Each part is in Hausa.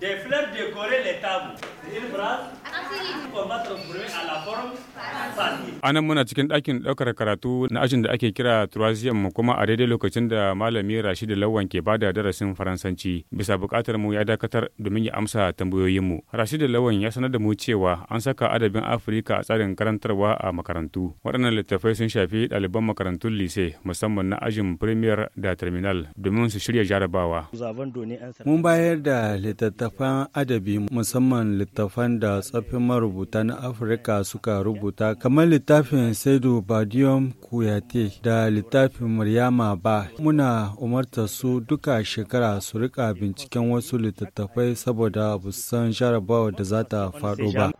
Des fleurs décoraient les tables. une anan muna cikin ɗakin ɗaukar karatu na ajin da ake kira Troisième mu kuma a daidai lokacin da malami Rashidu Lawan ke bada darasin Faransanci bisa buƙatar mu ya dakatar domin ya amsa tambayoyin mu. Rashidu Lawan ya sanar da mu cewa an saka adabin Afirka a tsarin karantarwa a makarantu. Waɗannan littattafai sun shafi ɗaliban makarantun lise musamman na ajin Premier da Terminal domin su shirya jarabawa. Mun bayar da littattafan adabi musamman littattafan da tsaffin wasu marubuta na Afirka suka rubuta kamar littafin Saidu Badiyom Kuyate da littafin Maryama Ba. Muna umarta su duka shekara su rika binciken wasu littattafai saboda bu san jarabawa da za ta faɗo ba.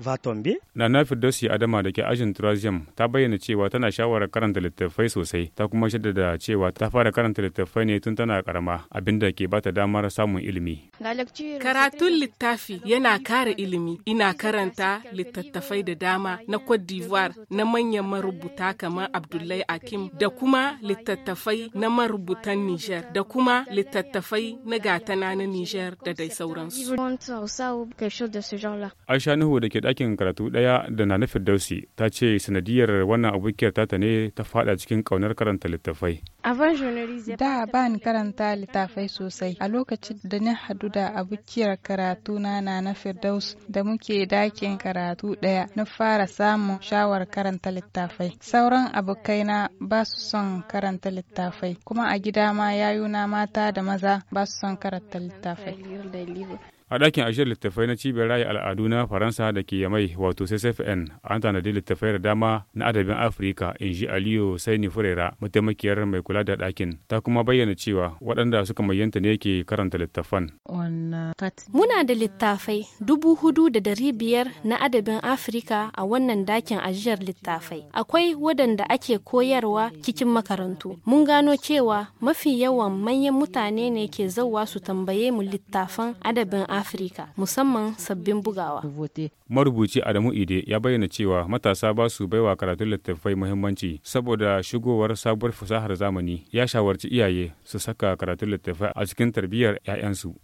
Nana Firdausi Adama da ke ajin Turazium ta bayyana cewa tana shawarar karanta littattafai sosai ta kuma shaddada cewa ta fara karanta littattafai ne tun tana karama abinda ke bata damar samun ilimi. Karatun littafi yana kare ilimi ina karanta littattafai da dama na Cote d'Ivoire na manyan marubuta kamar Abdullahi Akim da kuma littattafai na marubutan Niger da kuma littattafai na gatana na Niger da dai sauransu. Aisha Nuhu da ke ɗakin karatu ɗaya da na nufin Firdausi ta ce sanadiyar wannan abokiyar tata ne ta faɗa cikin ƙaunar karanta littattafai. Da ba ni karanta littafai sosai a lokacin da na hadu da abokiyar karatu na na Firdaus da muke dakin karatu ɗaya na fara samun shawar karanta littafai. Sauran abokaina ba su son karanta littafai kuma a gida ma yayuna mata da maza ba su son karanta littafai. a ɗakin ajiyar littattafai na cibiyar rayu al'adu na faransa da ke yamai wato ccfn an tanadi littattafai da dama na adabin afirka in ji aliyu saini furera mataimakiyar mai kula da ɗakin ta kuma bayyana cewa waɗanda suka mayyanta ne ke karanta littattafan muna da littattafai dubu hudu da dari biyar na adabin afirka a wannan ɗakin ajiyar littattafai akwai waɗanda ake koyarwa cikin makarantu mun gano cewa mafi yawan manyan mutane ne ke zauwa su tambaye mu littattafan adabin afirka Afirka, musamman sabbin bugawa. Marubuci Adamu Ide ya bayyana cewa matasa ba su baiwa karatun littattafai muhimmanci saboda shigowar sabuwar fasahar zamani ya shawarci iyaye su saka karatun littattafai a cikin tarbiyyar 'ya'yansu.